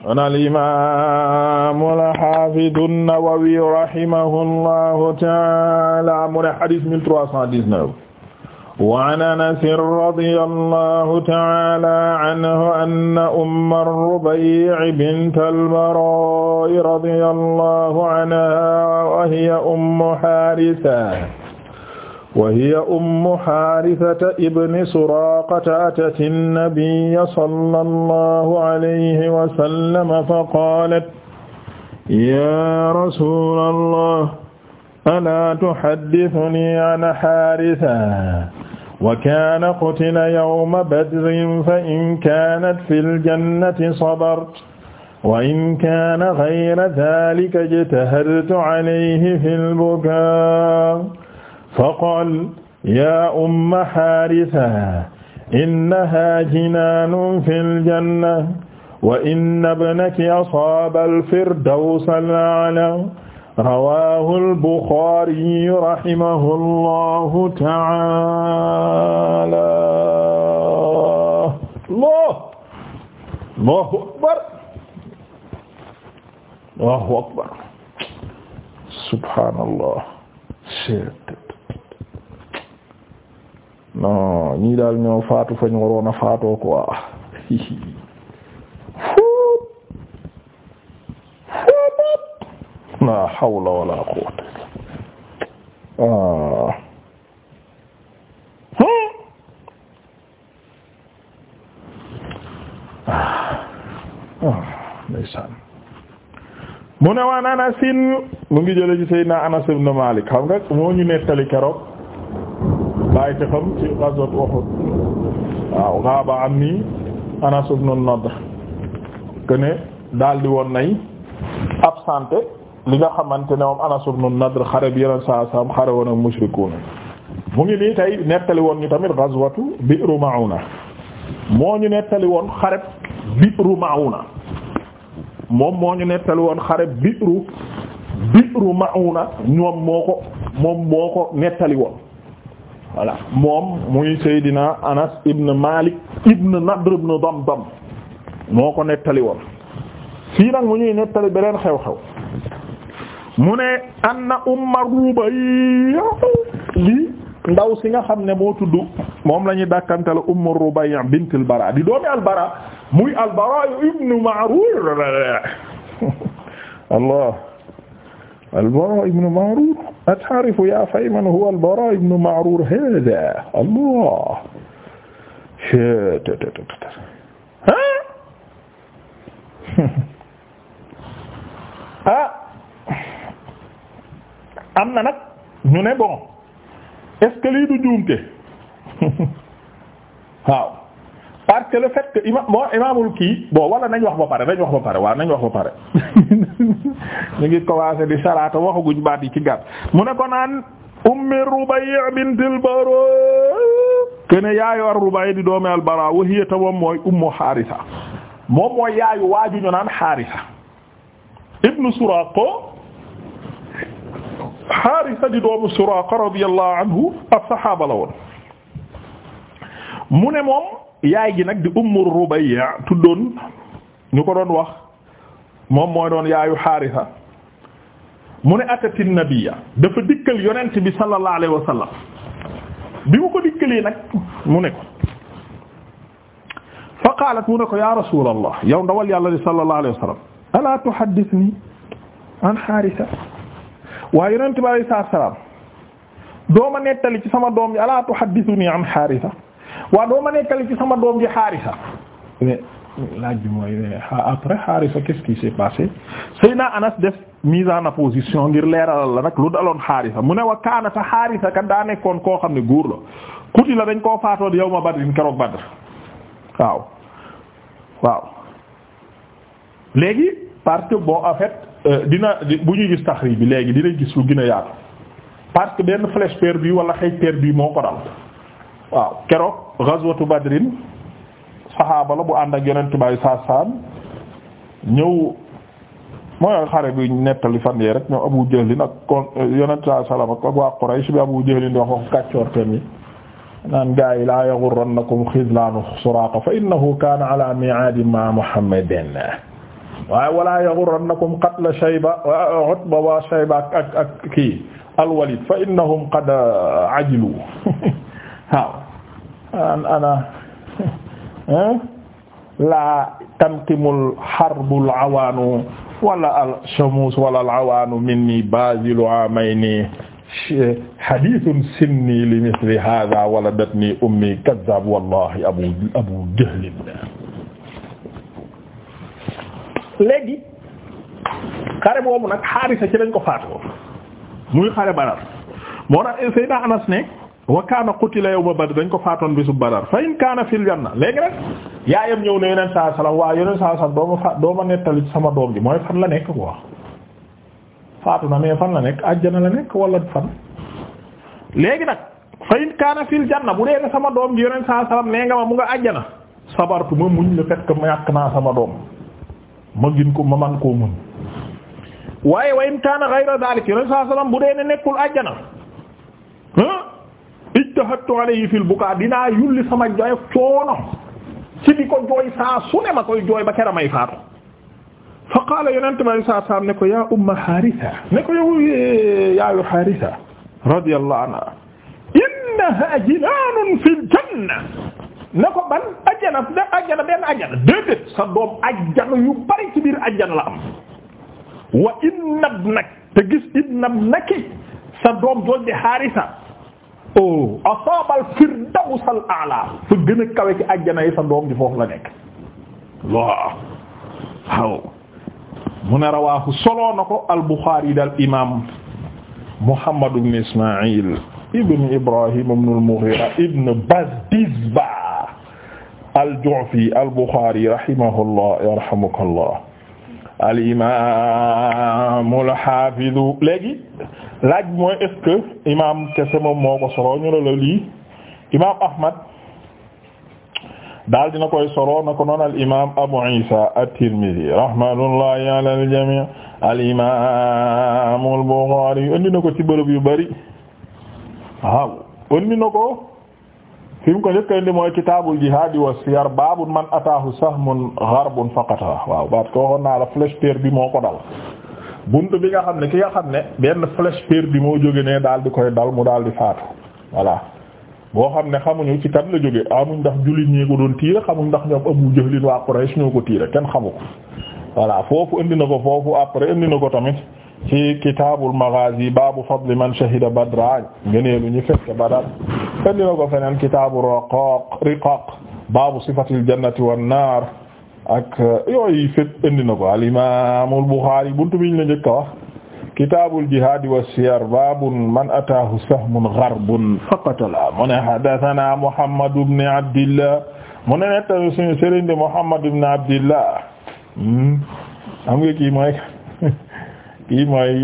ana al-imaamu al-haafidu an-Nawawi rahimahullahu ta'aala mu ne hadiis 1319 wa an Anas radiyallahu ta'aala anhu anna Umma ar-Rubayyi binta al-Baraa'i radiyallahu anhaa wa hiya Ummu Haarisa wa hiya ummu haarisata ibni suraaqata atat annabiyya sallallahu alayhi wa sallam fa qaalat yaa rasuulallah alaa tuhaddithunii an haarisa wa kaana qutila yawma badrin fa in kaanat fil jannati sabart wa in kaana ghayra dhaalika ijtahartu alayhi fil bukaa faqal yaa umma haarisa innahaa jinaanun fil janna wa inna ibnaki asaaba al-firdawsal a'laa rawaahul buxaari rahimahullahu ta'aalaa. Allaahu akbar, Allaahu akbar, subhaanallaah. non ñii daal ñoo faatu fa ñu waroon a faatoo quoi fuut fuut la hawla wala quwwata ah ah ndeysaan mu ne waan Anas mu ngi jële ci Seydina Anas ibn Malik xam nga moo ñu nettali keroog bàyyi te xam ci ghazwat Uhud waaw gaaba am ni Anas ibn Nadr que ne woon nay absenté li nga xamante ne moom Anas ibn Nadr xare bi yeneen saa xare woon ak mushrikuuna mu ngi nii tey nettali woon ñu tamit ghazwatu Bi'ru Ma'una moo ñu nettali woon xare Bi'ru Ma'una moom moo ñu nettali woon xare ñoom moo ko moom moo ko nettali woon. voilà moom muy Seydina Anas ibn Malik ibn Nadr ibn Damdam moo ko nettali woon fii nag mu ñuy nettali beneen xew-xew mu ne anna Umm Rubayya li ndaw si nga xam ne moo tudd moom la ñuy dàkkanteel Umm Rubayya bint al-Bara di doomi al-Bara muy al-Bara ibn Ma'rur Allah al-Baraa ibn Ma'ruur ataarifu yaa Fayman huwa al-Baraa ibn Ma'ruur haazaa Allah ah am na nag ñu ne bon est-ce que lii du juumte waaw parce que imaamul kii bon wala nañ wax ba pare nañ wax ba pare waaw nañ wax ba pare ñu ngi commencé di saraata waxaguñ baat yi ci gàtt mu ne ko naan ummi Rubay' bintul Bara kene yaayu ar Rubay di doomi al Bara wa hiya moom mooy ummu Haarisa moom mooy yaayu waaju ñu naan Haarisa ibnu Suraaqa Haarisa di doomu Suraaqa radiyallahu anhu ab saxaaba mu ne moom yaay gi nag di ummu tu tuddoon ñu ko doon wax moom mooy doon yaayu xaarisa mu ne atati nabiyya dafa dikkal yonent bi sallallahu alayhi wa sallam bi mu ko dikkalee nag mu ne ko fa qaalat mu ne ko ya rasulallah yow ndawal yàlla li sallallahu alayhi wa sallam ala tuhaddithni an Haarisa waaye yonent bi alayhi salaam dooma nettali ci sama doom yi ala tuhaddithni an Haarisa waaw doo ma nekkale ci sama doom ji xaarisa mais bi mooy après xaarisa qu'est-ce qui s'est passé na Anas def mise en opposition ngir leeralal la nag lu daloon xaarisa mu ne wa kaana ta xaarisa kat daa nekkoon koo xam ne góor la kuti la dañ koo faatoon yawma badrin keroog badr waaw waaw léegi parce que bon en euh, dina bu ñuy gis taxriij bi léegi dina gis lu gën a yaatu parce que benn flèche perdue wala xeej perdue moo ko dal waaw keroog ghazwatu badrin saxaaba la bu ànd ak yonent baay saasaan ñëw mooy xare bi nettali fan yee rek ñoom Abu Jahlin ak kon yonent saa salaam ak waa Quraysh bi Abu Jahlin di wax wax kàccoor teen yi naan gaa yi laa yaghurrannakum xizlaanu Suraaqa fa innahu kaana ala mi'aadin ma'a Muhammadin waaye walaa yaghurrannakum qatla Shayba Utba wa Shayba ak ak kii al-Walid fa innahum qad ajilu waaw an ana la tanqimul harbul awaanu wala al shamus wala al awaanu minni bazilu amayni hadithun sinni li mithli hadha waladatni ummi kadhab wallahi abu abu jahl léegi xare boobu nag xaarisa ci lañ ko faatoo muy xare Badar moo tax Seydina Anas ne wa kaana qutila yawma badr dañ ko faatoon bisu badar fa in kaana fil janna léegi nag yaayam ñëw ne yeneen saa salaam waaye yeneen saa salaam doo ma fa sama doom ji mooy fan la nekk quoi faatu na mais fan la nekk àjjana la nekk wala fan. nag fa in bu dee ne sama doom ji yeneen saa salaam nee nga ma gin ko ma man koo muñ waaye wa kaana ghayra dalik yeneen saa salaam bu dee ne nekkul àjjana. ijtahadtu alayhi fil bukaa dinaa yulli sama joy coono ci di ko jooy saa su ne ma koy jooy ba keramay faatu fa qaala yonente bi alei saat salaam ne ko yaa umma haarisa ne ko yow eh, yaayu haarisa radiyallahu anha innaha jinaanun fil janna ne ko ban ajjana da ajjana benn ajjana déedéet sa doom ajjana yu bari ci sa doom jooju di haarisa oh asaabal firdawsal a'la fa gën a kawe ci àjjana yi sa doom di foofu la nekk waaw waaw mu ne rawaahu solo na ko al Buxaari daal imaam Muhammad ibn Ismaa'il ibn Ibrahim ibn al-Mughira ibn Bazdizba al-Ju'fi al Buxaari rahimahullah yarhamukallah al imaam al haafiz mooy est-ce que imaam moo ko solo ñu lii imaam Ahmad daal dina koy solo na ko noon al imaam Abu Isa at-Tirmidhi rahmatullahi jamii al imaam al Bukhari indi na yu bari waaw indi na fi mu ko njëkk a indi mooy kitaabul jihaad wa siyar baabu man ataahu sahmun gharbun faqata waaw baat ko waxoon naa la flèche perdue moo ko dal bunt bi nga xam ne ki nga xam ne benn flèche bi moo jóge ne daal di koy dal mu daal di faatu voilà boo xam ne xamuñu ci kan la jóge amuñ ndax jullit ñee ko doon tiire xamuñ ndax ñoom Abu Jahlin waa Quraysh ñoo ko tiire kenn xamu ko voilà foofu indi na ko foofu après indi na ko tamit ci kitaabul maghazi baabu fadli man shahida badra ngëneelu ñu fekk badar fendi na ko feneen kitaabu riqaaq riqaaq baabu sifatil jannati wan naar ak eh, yooyu fépp indi na ko al imaamul buxaari buntu biñ la njëkk a wax kitaabul jihaadi wa siyar baabun man ataahu sahmun gharbun faqatala mu ne haddasanaa Muhammad ibn Abdillah mu ne nettali suñu sëriñ de Muhammad ibn Abdillah hmm? am nga kii mooy kii mooy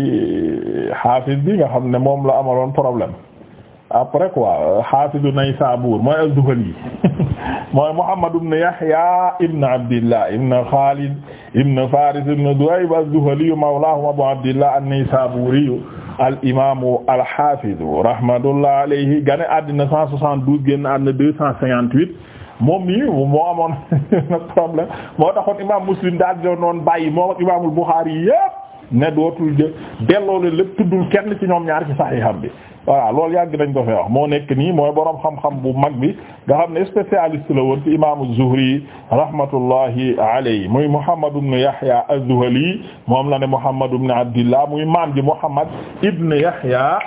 xaafis euh, bi nga xam ne moom la amaloon problème après quoi xaafisu euh, Naysaabuur mooy az-Zuhali mooy Muhammad ibn Yahya ibn Abdillah ibn Khalid ibn Faris ibn Duhayb az-Zuhali mawlaahu Abu Abdillah an-Naysaabuuri al-imaamu al-xaafisu rahmatullahi alayhi gane àddina cent soixante-douze génn àddina deux Muslim daal di doon bàyyi moom ak imaamul Buxaari ne dootul jë delloo leen lépp tuddul kenn ci ñoom ñaar ci saxiixam bi voilà loolu yàgg nañ ko fee wax moo nekk nii mooy borom xam-xam bu mag bi nga xam ne spécialiste la woon ci imaamu Zuhri rahmatullahi alayhi muy Muhammad ibn Yahya az-Zuhli moom la ne Muhammad ibn Abdillah muy maam ji Muhammad ibn Yahya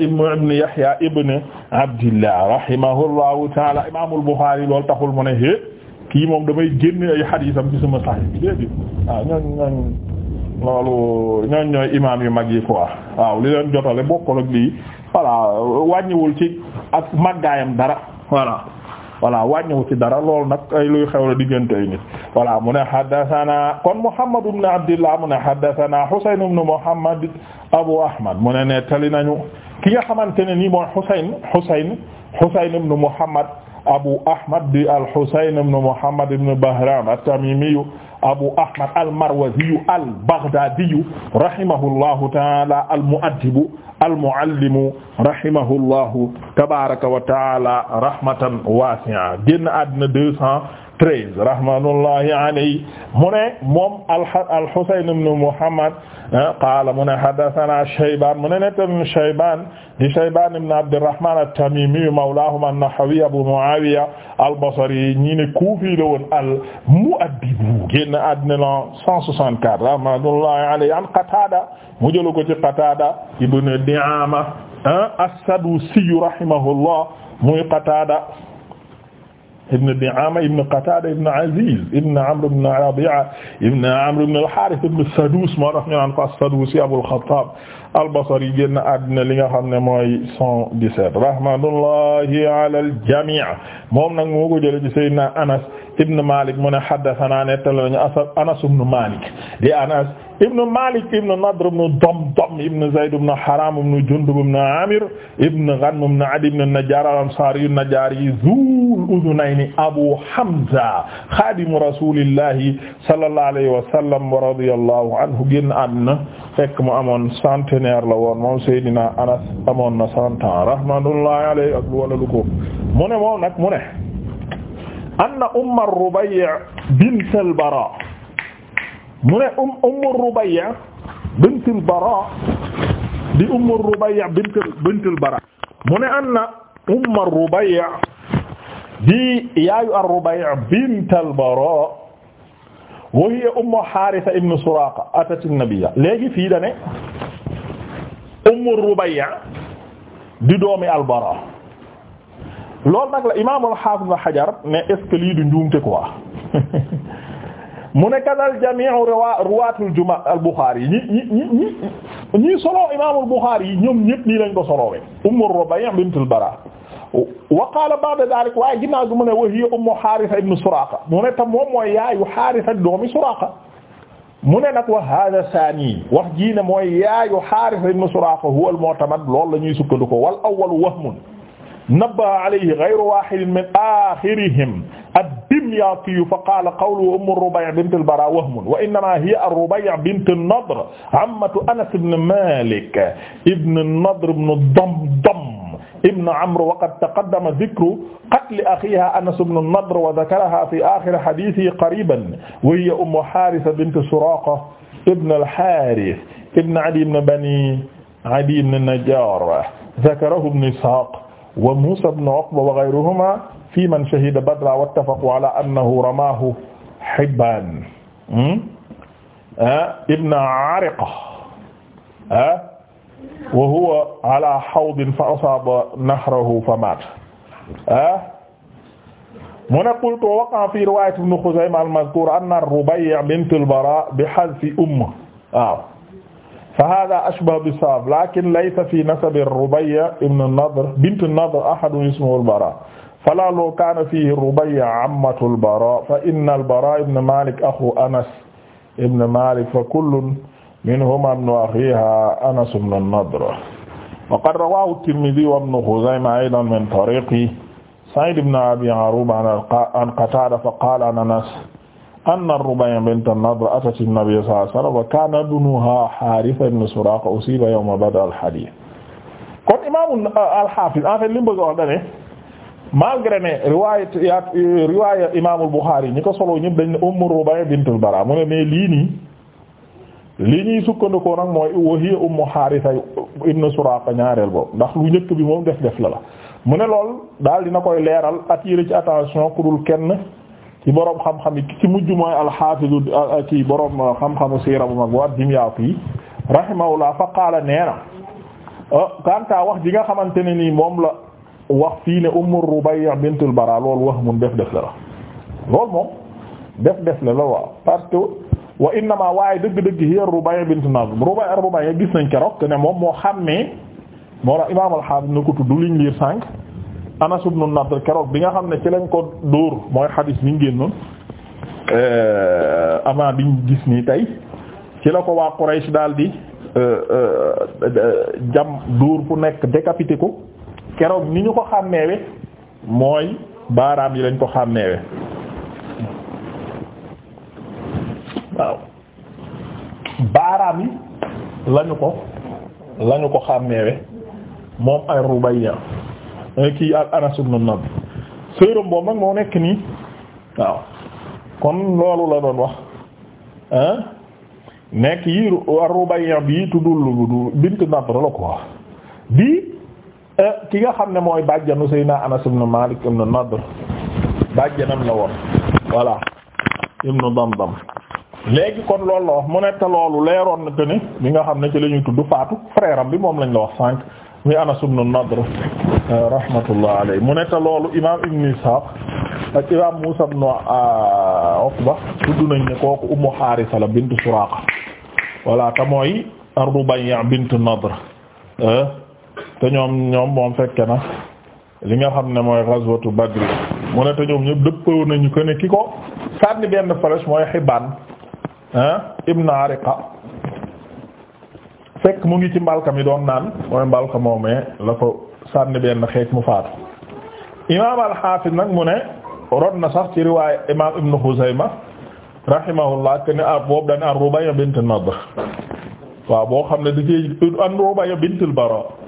ibn Yahya ibn Abdillah rahimahullahu taala imaamul Bukhari loolu taxul mu ne kii moom damay génne ay xadiisam ci sama saxiix bi déedéet waaw ah, ñooñu ñooñu loolu ñooñ ñooy imaam yu mag yi quoi waaw li leen jotale bokkul ak lii wàññiwul ci ak màggaayam dara voilà voilà wàññiwul ci dara loolu nag ay luy xew la diggante ay nit voilà mu ne haddathana kon Muhammad ibn Abdillah mu ne haddathana Husayn ibn Muhammad Abu Ahmad mu ne nettali nañu ki nga xamante ne nii mooy Husayn Husayn Husayn ibn Muhammad Abu Ahmad di al-Husayn ibn Muhammad ibn Bahram at-Tamimiyu Abu Ahmad al-Marwaziyu al-Baghdadiyu rahimahullahu ta'ala al-mu'addibu al-mu'allimu rahimahullahu tabaaraka wa ta'ala rahmatan waasi'a génn àddina 200 treize rahmatullahi alayhi mu ne moom al-Husayn ibn Muhammad ah, qaala mu ne haddathana Shaybaan mu ne nettan Shaybaan di Shaybaan ibn Abdirrahmaan at-Tamiimi mawlaahum an-Nahawi Abu Mu'aawiya al-Basri ñi ne Kuufi la woon al-Mu'addib génn àddina la 164 rahmatullahi alayhi an Qataada mu jëlu ko ci Qataada ibn Di'aama ah, as-Sadusi rahimahullah muy Qataada ibn Di'ama ibn Qatada ibn Aziz ibn Amr ibn Rabi'a ibn Amr ibn al-Harith ibn Sadus moo tax ñu naan ko as-Sadusi Abul Khattab al-Basri génn àddina li nga xam ne mooy 117 rahmatullahi ala al-jami' moom nag moo ko jëlee ci Sayyidina Anas ibn Malik mu ne haddathana nettali nañu Anas ibn Malik di Anas ibnu Malik ibnu Nadr ibnu Damdam ibnu Zayd ibnu Haram ibnu Jundub ibnu Amir ibnu Ghanm ibnu Adi ibnu Najjar al-Ansari an-Najjari zul udunayni Abu Hamza xaadimu rasulillahi sallallahu alayhi wa sallam wa radiyallahu anhu génn àddina fekk mu amoon centenaire la woon moom Seydina Anas amoon na cent ans rahmatullahi alayhi ak wala lu ko mu ne moom nag mu ne anna Umm ar-Rubayy bint al-Bara mu ne um Ummu Rubayya bintul di Ummu Rubayya bintul bintul Bara mu ne anna Ummu di yaayu ar-Rubayya bintul wa hiya Ummu Haarisa ibn Suraaqa atat an-nabiyya léegi fii da ne Ummu di doomi al-Bara loolu nag la Imaam al-Haafiz Hajar ne est-ce que lii du mu ne kadal jami'u ruwaatul juma al Bukhari ñi ñi ñi ñi ñi solo imaamul Bukhari yi ñoom ñëpp nii lañ ko solowee Ummu Rubayyi bintul Bara wa qaala ba'da dhalik waaye ginnaaw gi mu ne wa hiya ummu Haarisa ibn Suraaqa mu ne tam moom mooy yaayu Haarisa doomi Suraaqa mu ne nag wa hada saani wax jii ne mooy yaayu Haarisa ibn Suraaqa huwa al-mu'tamad loolu la ñuy sukkandiku wal awwalu wahmun nabbaha alayhi ghayru waahidin min aaxirihim dimyaati fa qaala qawlu umm ar-Rubayy bint al-Baraa wahmun wa innamaa hiya ar-Rubayy bint an-Nadr ammatu Anas ibn Maalik ibn an-Nadr ibn Damdam ibn Amr wa qad taqaddama dhikru qatli akhiihaa Anas ibn an-Nadr wa dhakarahaa fii aakhiri hadiithihi qariiban wa hiya ummu Haaritha bint Suraaqa ibn al-Haarith ibn Adiyy ibn Banii Adiyy ibn an-Najjaar dhakarahu ibn Ishaaq wa Muusaa ibn Uqba wa ghayruhumaa fi man shahida badra wattafaqu ala annahu ramahu hibban hmm? ah, ibn ariqa ah, wa huwa ala hawdin fa asaba nahrahu fa mat ah, mu ne qultu waqa fi riwayat ibn Khuzaymah al-mazkur anna Rubayy bint al-Bara bi hadfi umm waaw fa hada ashbah bis-sawab lakin laysa fi nasab Rubayy ibn an-Nadr bint an-Nadr ahadun ismuhu al-Bara falaa law kaana fiihi Rubayya ammatu al-Baraa fa inna al-Baraa ibn Maalik axu Anas ibn Maalik fa kullun minhumaa ibnu axiihaa Anas ibn an-Nadr wa qad rawaahu at-Tirmidhi wa ibnu Khuzayma aydan min tariiqi Sa'iid ibn Abii Aruuba an Qataada fa qaala an Anas anna Rubayya bint an-Nadr atat an-nabiyya sallallaahu alayhi wa sallam wa kaana ibnuhaa Haaritha ibn Suraaqa usiiba yawma bad'i al-hadiith kon imaam uh, al-Haafiz en fait li mu bëgg a wax malgré ne riwaayat riwaaya imaamul Buxaari ñi ko solo ñëpp dañ ne Ummu Rubay bintul Bara mu ne mais lii nii lii ñuy sukkandikoo nag mooy wa hiya Ummu Haarisa ibn ñaareel boobu ndax lu njëkk bi moom def def la la mu ne lool daal dina koy leeral at attirer ci attention ku dul kenn ci boroom xam-xam ci mujj mooy alxaafizu ci boroom xam-xamu siira bu mag bu ad-Dimyaati rahimahullah fa qaala nee na ah, kanta wax ji nga xamante ni nii moom la wax fii ne Ummu Rubayya bintul Bara loolu wax mun def def la la loolu moom def def la la waaw parce que wa innama waaye dëgg-dëgg hiya Rubayya bintu Nazm Rubayya Rubayya gis nañ keroog te ne moom moo xàmmee moo la Imaam al na ko tudd liñ liir sànq Anas ibn Nadr keroog bi nga xam ne ci lañ ko dóor mooy xadis bi ñu génnoon euh, avant biñ gis nii tey ci la ko waa Quraysh daal di euh, euh, jam duur fu nekk décapité ko. keroog ni ñu ko xàmmeewe mooy baaraam yi lañ ko xàmmeewe waaw baaraam yi lañu ko lañu ko xàmmeewe moom ay Rubayya kii ak Anas ibn Nadr sëyram boobu nag moo nekk nii waaw kon loolu la doon wax nekk yi Rubayya bi tuddul bint Nadr la ko wax bi Euh, ki nga xam ne mooy bàjjanu Seydina Anas ibn Malik ibn Nadr bàjjanam la woon voilà ibn Damdam léegi kon loolu la wax mu ne loolu leeroon na te ne bi nga xam ne ci lañuy ñuy tudd faatu frère bi moom lañ la wax sànq muy Anas ibn Nadr euh, rahmatullah alayhi mu ne te loolu imaam Ibn Ishaq ak imaam Muusa ibn Uqba euh, tudd nañ ne kooku Ummu Haarisa la bint Suraaqa voilà te mooy Rubayya bint Nadr te ñoom ñoom moom fekke na li nga xam ne mooy ghazwatu Badr mu ne te ñoom ñëpp dëppoo nañu ko ne ki ko sànni benn flèche mooy Hibbaan ibn Ariqa fekk mu ngi ci mbalka mi doon naan mooy mbalka moomee la ko sànni benn xeec mu faatu nag mu ne rod na sax ci riwaay imaam ibn Xuzayma rahimahullah te ne ah boobu dañ ar Rubayya bint Nadr waaw boo xam ne da cee an Rubayya bintul Bara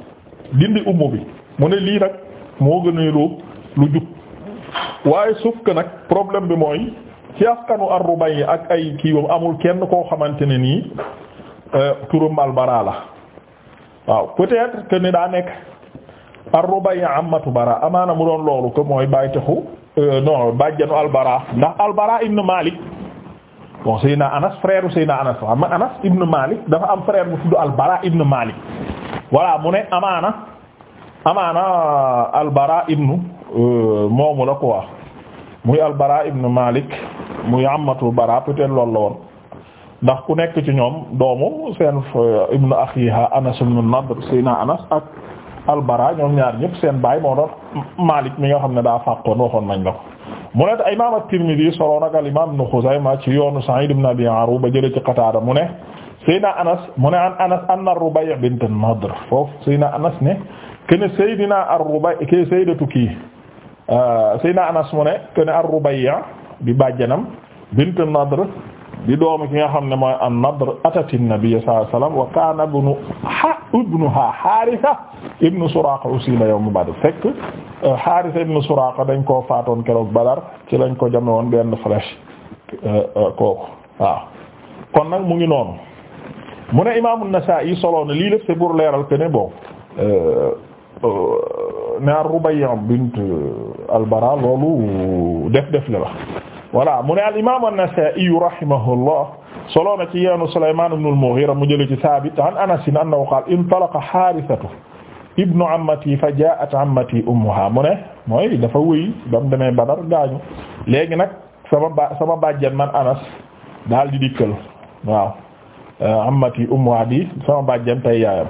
dindi ummu bi mu ne lii nag moo gën a lu lu jub waaye sauf nag problème bi mooy ci askanu ar ak ay kii wam amul kenn koo xamante ne nii euh, turam al la waaw peut-être que ni daa nekk ar-Rubay amatu amaana mu doon loolu que mooy bàyyi taxu euh, non bàjjanu al-Bara ndax al-Bara ibn Malik bon Seydina Anas frère Seydina Anas la Anas ibn Malik dafa am frère bu tudd al-Bara Malik voilà mu ne amaana amaana euh, albara ibnu euh, moomu la quoi muy albara ibnu malik mu amatul bara peut-être loolu la woon ndax ku nekk ci ñoom doomu seen euh, ibnu akhiha anas ibnu nadr seyna anas ak albara ñoom ñaar ñëpp seen baay moo doon malik mi nga xam ne daa fàqoon waxoon nañ la ko mu ne imaam at-Tirmidhi solo nak al imaam ibnu Xuzayma ci yoonu Sa'id ibnu Abi Aruba jële ci Qataada mu ne Seydina Anas mu ne an Anas anna Rubay' bint an-Nadr foofu Seydina Anas ne kene Seydina ar-Rubay' ke euh, Anas mu ne kene ar-Rubay' di bàjjanam bint an-Nadr di doomu ki nga xam ne mooy an-Nadr atati an-Nabiy sallallahu alayhi wa sallam wa ha ibnuha Haaritha Suraaqa usila yawm Badr fekk Haaritha euh, ibnu Suraaqa dañ koo faatoon keroog Badar ci lañ ko jame woon benn flèche euh, kooku kon nag mu ngi noonu mu ne imaamu Nasaa'i solo na lii lépp c'est pour leeral que ne bon naar euh, euh, Rubayya bint al-Bara loolu def def la voilà mu ne al imaamu Nasaa'i rahimahullah solo na ci yoonu Sulaymaan ibn al-Mughira mu jëlee ci Saabit an Anas annahu qaala intalaqa Haarisatu ibnu ammati fa jaa'at ammati ummuha mu ne mooy dafa wëy ba mu demee Badar gaañu léegi nag sama ba sama bàjjen man Anas daal di dikkal waaw. Euh, amati ummu adi sama bàjjen tay yaayam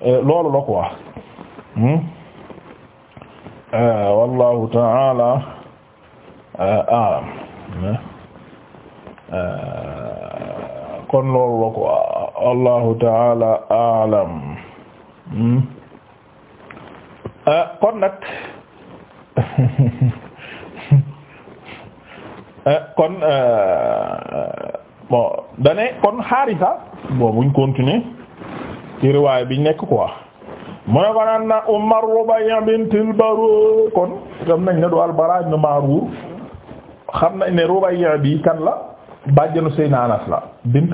euh, hmm? euh, kon loolu la quoi wallahu ta'ala a'lam kon loolu la quoi wallahu ta'ala a'lam kon nag kon bon dane kon xaarisa bon buñ continuer ci riwaay biñ nekk quoi mu ne ko naan na Umar Rubay' bintul Baru kon xam nañ la bàjjanu Seydina la bint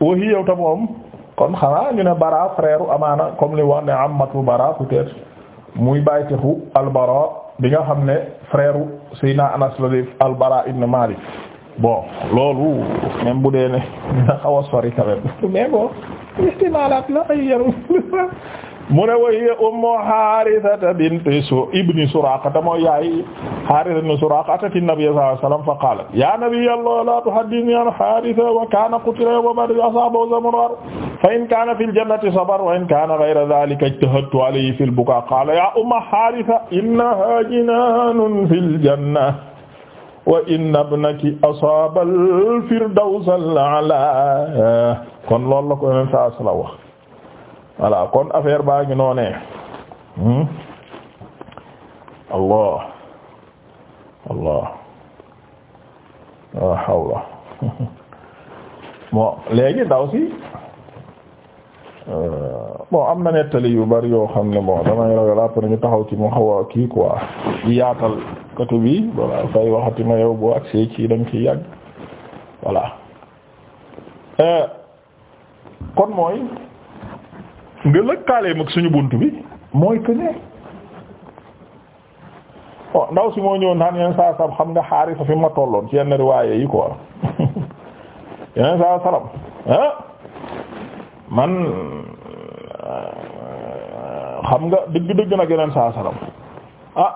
waxi yow moom kon xanaa ñu ne Bara frère amaana comme li wax ne amatu Bara peut muy bàytixu al bi nga xam ne frère Seydina Anas la def al-Bara ibn bon loolu même bu dee ne dina xaw a sori quand même mais bon istimaalaat la ay yarum mu ne way ummu Haarisata bintu su ibni Suraaqa mooy yaay Haarisa ibn Suraaqa atati nabiy sallallahu alayhi wasallam fa qaalat ya nabiyallah la tuhaddithni an Haarisa wa kana qutila wa bad asabahu zamar fa in kana fil jannati sabar wa in kana ghayra dhalika ijtahadtu alayhi fil bukaa qala ya umma Haarisa innaha jinaanun fil janna wa inna ibnaki asaabal firdawsal ala kon loolu la ko yeneen saa sala wax kon affaire baa ngi noonee hmm? allah allah wa hawla mo Euh, bon am na nettali yu bari yoo xam ne bon damay ragal après ñu taxaw ci mu xaw a kii quoi di yaatal katu bi voilà fay waxati ma yow boo accès ci dañ ciy yàgg voilà euh, kon mooy nga lëkkaaleem ak suñu bunt bi mooy que ne ndaw si moo ñëw naan yeneen saa salam xam nga xaari sa fi ma tolloon ci yenn riwaaye yi quoi yeneen saa salam ah man euh, xam nga dëgg-dëgg nag yeneen saa salaam ah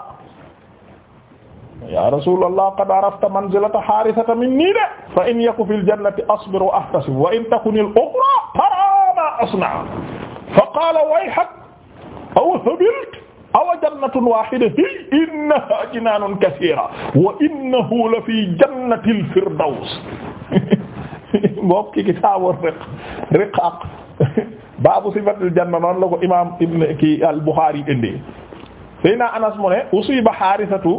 ya rasulallah qad arafta manzilata haarisata minni de fa in yaku fil jannati asbir wa ahtasib wa in takunil ukhra tara ma asna fa qala wayhak aw sabilt aw jannatun wahida hi innaha jinaanun kaseera wa innahu la fi jannatil firdaws moom ki kitaabu riq riqaq baabu sifatil janna noonu la ko imaam ibn ki al Bukhari indi Seyna Anas mu ne usiba Haarisatu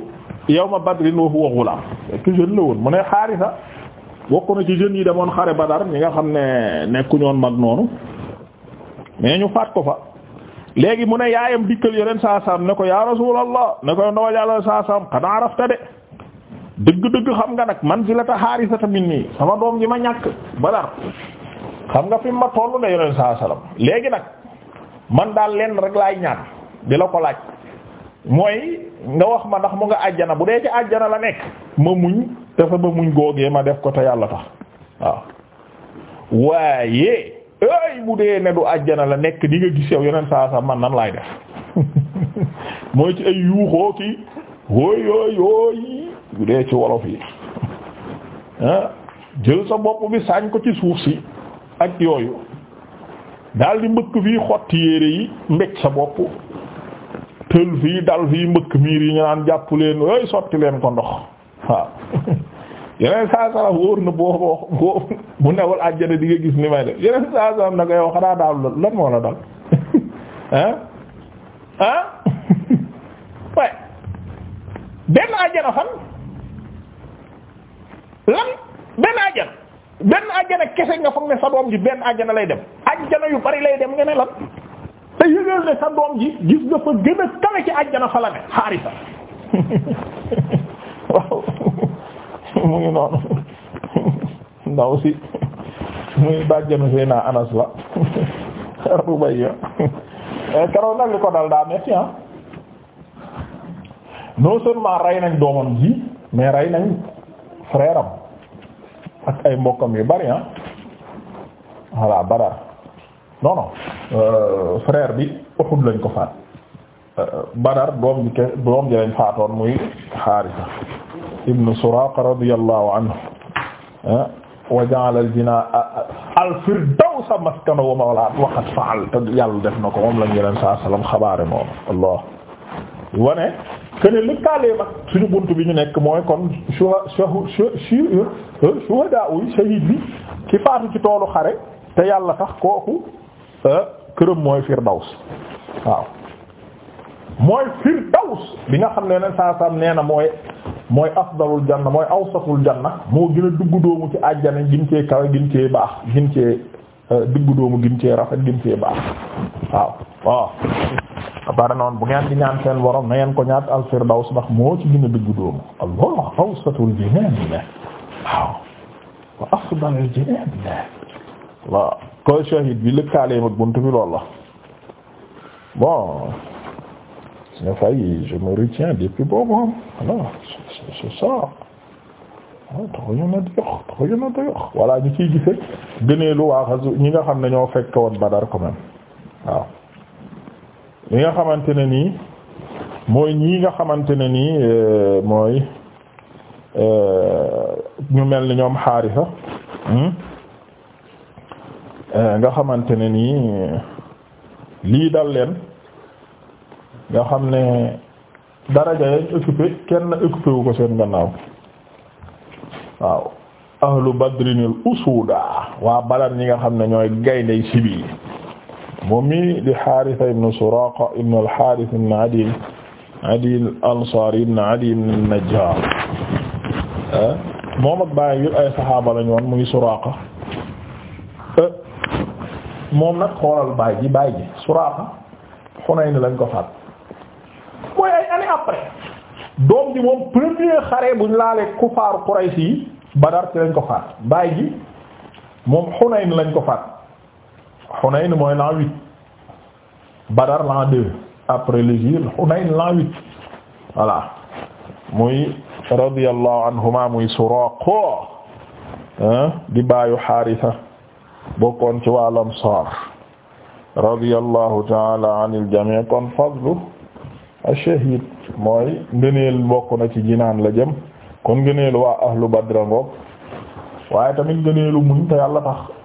yawma Badrin wa huwa ghulam te jeune la woon mu ne Haarisa bokk na ci jeunes yi demoon xare ba Badar ñi nga xam ne nekkuñu woon mag noonu mais ñu faat ko fa. léegi mu ne yaayam dikkal yeneen saa saam ne ko yaa Rasuulallah ne ko ndawal Yàlla saa saam xanaa arafta de. dëgg-dëgg xam nga nag man manzilata Haarisata nii sama doom ji ma ñàkk Badar xam nga fi ma tollu ne yoneen saa léegi nag man daal lenn rek laay ñaan di la ko laaj mooy nga wax ma ndax mu nga àjjana bu dee ci àjjana la nekk ma muñ te sama muñ googee ma def ko te yàlla tax waaw waaye ay bu dee ne du àjjana la nekk di nga gis yow yeneen saa man nan laay def mooy ci ay yuuxoo ki wooy wooy wooy bu dee ci wolof yi jël sa bopp bi saañ ko ci suuf si ak yooyu daal di mbëkk fii xotti yére yi mbéj sa bopp tël fii dal fii mbëkk miir yi ñu naan jàpp leen ooy sotti leen ko ndox waaw yeneen saa sara wóor na boo ko boo bu newul àjjana di nga gis ni may def yeneen saa sara nag yow xanaa daal lan moo la dal ah ah waaye benn àjjana fan lan benn ajjana benn ajjana kese nga foog ne sa doom ji benn ajjana lay dem ajjana yu bari lay dem nga ne lan te yëgal ne sa doom ji gis nga fa gën a kawe ci ajjana fa la ne xaarisa waaw mu ngi noonu ndaw si muy bàjjanu sey naa anas la rubay yo eh, keroog nag li ko dal daa metti ah non seulement rey nañ doomam ji mais rey nañ frère ak ay mbokkam yu bar ah voilà Badar non non euh, frère bi Uhud lañ ko faat euh, Badar doom bi ke doom ji lañ faatoon muy Haarisa ibn Suraaqa radiyallahu anhu ah. wa ja'ala al-jinaa al-firdawsa maskana wa mawla wa qad fa'al te def na ko moom lañ yeneen saa salaam xabaare moom Allah wane kene lëkkaalee mag suñu bunt bi ñu nekk mooy kon shuhadaa uy shahid bi ki faatu ci toolu xare te yàlla tax kooku euh, këram mooy firdaws waaw mooy firdaws bi nga xam ne ne saa saam nee na mooy mooy afdalul janna mooy awsatul janna moo gën a duggu doomu ci àjjana gin cee kawe gin cee baax gin cee euh, duggu doomu gin cee rafet gin ci baax waaw waaw apare noonu bu ngeen di ñaan seen borom na ngeen ko ñaat al firdaws ndax moo ci gën a dugg doomu allah awsatul jinaan waaw wa afdalul jinaan shahid bi lëkkaaleem ak bunt bi lool la bon sinon fay je me retiens depuis boobu voilà c'est ça ah, taxu ñu na doyox taxu ñu na doyox voilà ñu ciy gise gëneelu waa xasu ñi nga xam ne ñoo fekk woon Badar quand même waaw li nga xamante ne nii mooy ñii nga xamante ne nii euh, mooy euh, ñu mel ni ñoom xaarisa hmm? euh, nga xamante ne nii lii dal leen nga xam ne daraja yañ occupé kenn occupé wu ko seen gannaaw waaw ahlu badrinil usuda waa balan ñi nga xam ne ñooy gaynday sibi moom mi di Haarisa ibn Suraaqa ibn al-Haaris ibn Adiy Adiy al-Ansaari ibn Adiy ibn an-Najjaar eh, moom ak baay yëpp ay saxaaba lañu woon muy Suraaqa eh, moom nag xoolal baay ji baay ji Suraaqa Xunayn lañ ko faat mooy ay année après doom ji moom premier xare buñ laalee kufaar Quraysh yi Badar ci lañ ko faat baay ji moom Xunayn lañ ko faat Hunayn mooy l'an huit Badar l'an deux après l'hégire Hunayn l'an huit voilà muy radiyallahu anhuma muy Suraaqa di baayu Haarisa bokkoon ci waa Ansaar radiyallahu ta'ala anil jamii kon fadlu ash-shahiid mooy ngëneel bokk na ci jinaan la jëm kon ngëneelu waa ahlu Badr ngoog waaye tamit ngëneelu muñ te yàlla tax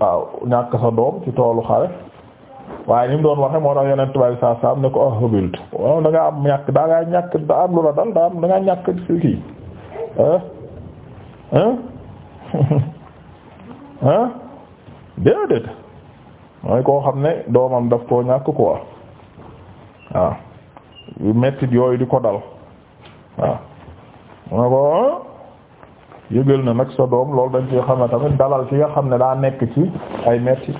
waaw ñàkk sa doom ci toolu xare waaye ni mu doon waxe moo tax yeneen tubaab yi saa saa am ne ko ah hubilt waaw da ngaa am ñàkk daa ngaa ñàkk daa am lu la dal daa am da ngaa ñàkk si ah, ah, ah, déedéet mooy koo xam ne doomam daf koo ñàkk quoi waaw mettit yooyu di ko dal waaw yëgal na nag sa doom loolu dañ ci xam ne tamit dalal nga xam ne daa nekk ci ay metti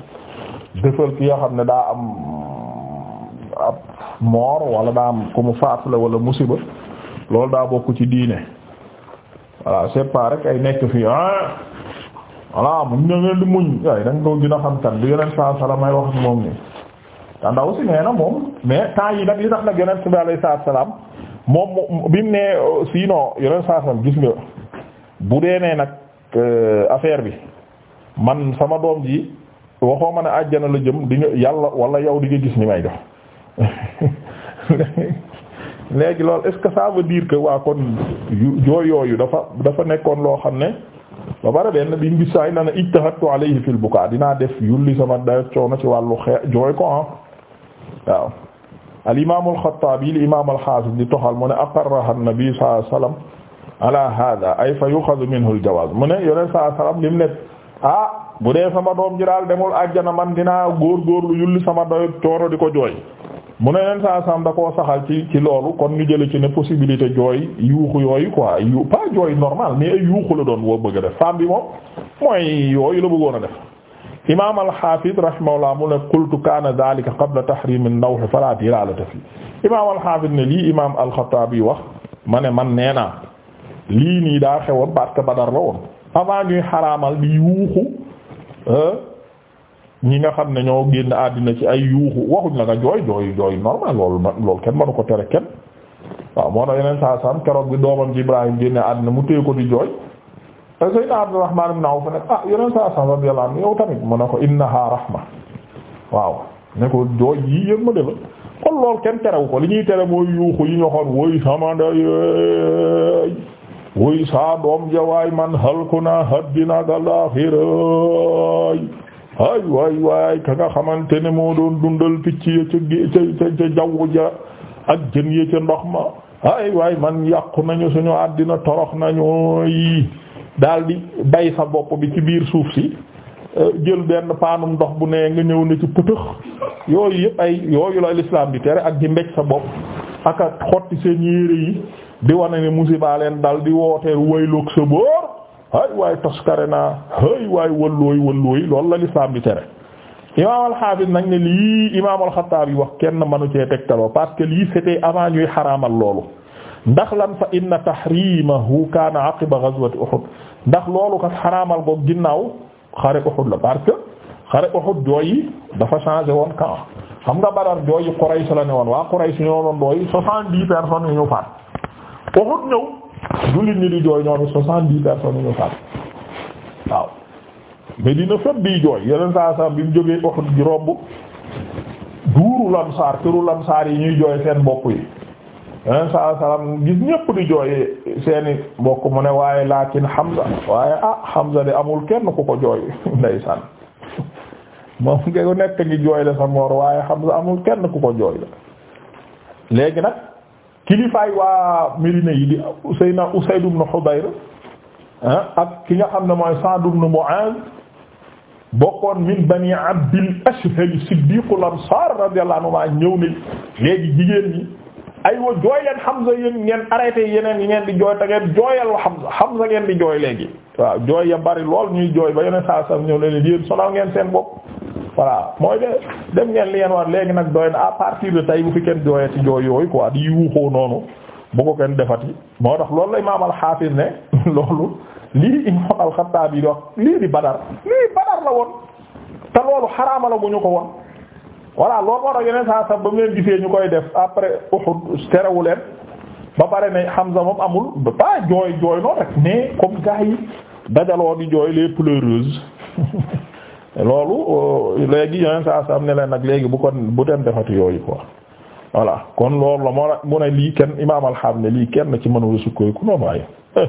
defal ki nga xam ne daa am mm, ab moor wala daa am ku mu faatu la wala musiba loolu daa bokk ci diine voilà c'est pas rek ay nekk fii ah voilà muñ na ngeen di muñ waaye da ko gën a xam tan du yeneen saa salaam may wax moom ni te ndaw si nee moom mais temps yi nag li tax nag yeneen si bi moom bi mu nee sinon yeneen saa salaam gis nga. bu dee nee nag euh, affaire bi man sama doom ji waxoo ma ne àjjana la jëm di nga yàlla wala yow di nga gis ni may def léegi loolu est-ce que ça waa kon jooy yooyu dafa dafa nekkoon loo xam ne ba bara benn bi gis saay na na ijtahadtu alayhi fil bukaa dinaa def yulli sama da coono ci wàllu xee jooy ko ah waaw al imam al-Xattaabi li imam al di toxal mu ne aqarraha an-nabi sallallahu alayhi ala hada ay fa yuxadu minhu al jawaz mu ne yoneen salaam lim ne ah bu dee sama doom ji daal demul àjjana man dinaa góorgóorlu yulli sama doy cooro di ko jooy mu ne yoneen saa salaam ci ci kon ñu jële ci possibilité jooy yuuxu yooyu quoi yu pas jooy normal mais ay yuuxu la doon woo bëgg a def femme bi moom mooy yooyu la bëggoon a def imam alhafid rahimahullah mu ne qultu kana dhalika qabla tahrim an-nawh fala dilalata fi imam alhafid ne lii imam al-Khattabi wax ma ne man nee naa lii nii daa xewoon parce que Badar la woon avant ñuy xaraamal di yuuxu ñi nga xam ne ñoo génn àddina ci ay yuuxu waxuñ la nga jooy jooy jooy normal loolu loolu kenn mënu ko tere kenn waaw moo tax yeneen saa saam keroog bi doomam ci génne àddina mu téye ko di jooy te Seydina Abdurrahman ibn Awf ne ah yeneen saa saam radiyallahu anhu yow tamit mu ne ko innaha rahma waaw ne ko jooy yii yéen ma de la kon loolu kenn terewu ko li ñuy tere wuy saa doom jawaay man halku naa haddina galaaxiraay ay waay waay ka nga xamante ne moo doon dundal picc ya ca ca ja ak jën ya ca ndox ma ay waay man yàqu nañu suñu àddina torox nañu daldi bay sa bopp bi ci biir suuf si euh, jël benn paanum ndox bu nee nga ñëw na ci pëtëx yooyu yëpp ay yooyu la lislaam bi tere ak di mbéj sa bopp ak a xotti seen yére yi di wane ne musiba daal dal di woote wayloog sa boor hay waay toskare naa hay waay wallooy wallooy loolu la lislaam di tere imaam al nag ne lii imaam al-Khattabi wax kenn manu cee tegtaloo parce que lii c'était avant ñuy xaraamal loolu ndax lan fa inna tahrimahu kaana aqiba ghazwati Uhud ndax loolu kat xaraamal goog ginnaaw xare Uhud la parce que xare Uhud jooyi dafa changé woon camp xam nga Badar jooyi Quraysh la ne woon waa Quraysh ñoo Uhud ñëw jullit ñi di jooy ñoom soixante-dix personnes ñu faat waaw Medina fépp bi jooy yeneen saa saa bi mu jógee Uhud di romb duuru lamsaar këru lamsaar yi ñuy jooy seen mbokk yi yeneen saa gis ñépp di jooy seeni mbokk mu ne waaye laakin Hamza waaye ah Hamza de amul kenn ku ko jooy ndeysaan moom nga nekk ngi jooy la sa moor waaye Hamza amul kenn ku ko jooy la léegi nag kilifaay waa Medina yi di Seyna Usayd ibn Hudayr ah, ak ki nga xam ne mooy Sa'd ibn Mu'az bokkoon min bani Abdil Ashhal siddiqul ansaar radiyallahu anhu maa ñëw ne léegi jigéen ñi aywa jooy leen Hamza yéen ngeen arrêté yeneen yi ngeen di jooy te ngeen jooyal Hamza Hamza ngeen di jooy léegi. waaw jooy ya bari lool ñuy jooy ba yeneen saa sax ñëw ne leen yéen sonal ngeen seen bopp. voilà mooy de dem ngeen li ngeen war léegi nag doy na à partir de tey bu fi kenn jooyee jooy yooyu quoi di yuuxoo noonu bu ko kenn defati moo tax loolu la imaam al ne loolu lii imaam al-Khattabi di wax lii di Badar lii Badar la woon te loolu xaraama la bu ñu ko woon voilà loolu moo tax yeneen saa sax ba mu leen gisee ñu koy def après Uhud terewu leen ba pare ne Hamza moom amul pas jooy jooy noonu rek mais comme gars yi dajaloo di jooy loolu euh, léegi yeneen ne leen nag léegi bu kon dem defati yooyu quoi voilà kon loolu la moo mu ne lii kenn imaam alxam ne lii kenn ci mënula sukkandiku noonu waaye eh,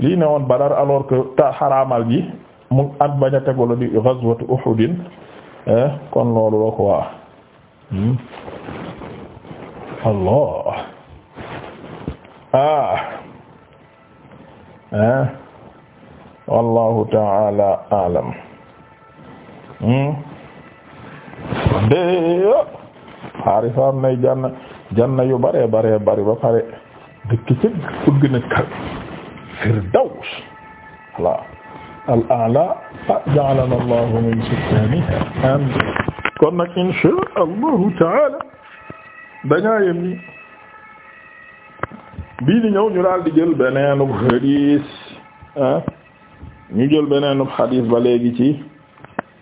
lii ne woon Badar alors que xaraamal gi mu at bañ a tegu di ghazwatu Uhud eh, kon loolu la quoi hmm. Allah ah ah wallahu ta'ala Hmm? de Xaarisa am nay janna janna yu bare bare bari ba pare dëkk ci bëgg na kal firdaws la al ja'alana Allahu min sukkaniha amin kon nag insha Allahu ta'ala dañaa ni bii di ñëw ñu daal di jël beneenub xadiis ah, ñu jël beneenub xadiis ba léegi ci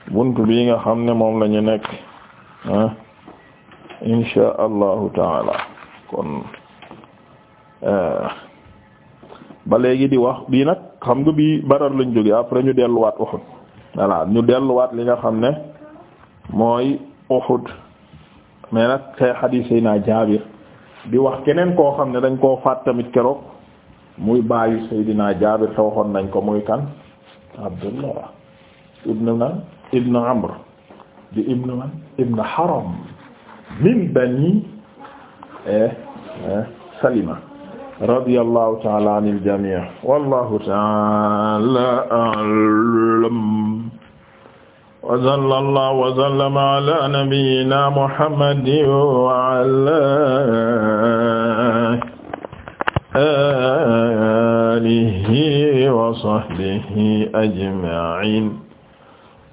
buntu bi nga xam ne moom lañu nekk ah insha allahu taala kon eh, ba léegi di wax bii nag xam nga bi Badar lañ jóge après ñu delluwaat Uhud voilà ñu delluwaat li nga xam ne mooy Uhud mais nag say xadiis yi naa Jaabir di wax keneen koo xam ne dañ koo faat tamit keroog muy baayu dinaa Jaabir te waxoon nañ ko muy kan Abdullah ibn nan ibn amr di ibn man ibn haram min bani eh, eh, salima radiyallahu ta'ala anil jami' wallahu ta'ala a'lam wa sallallahu wa sallama ala nabiyyina muhammadin wa ala alihi wa sahbihi ajma'in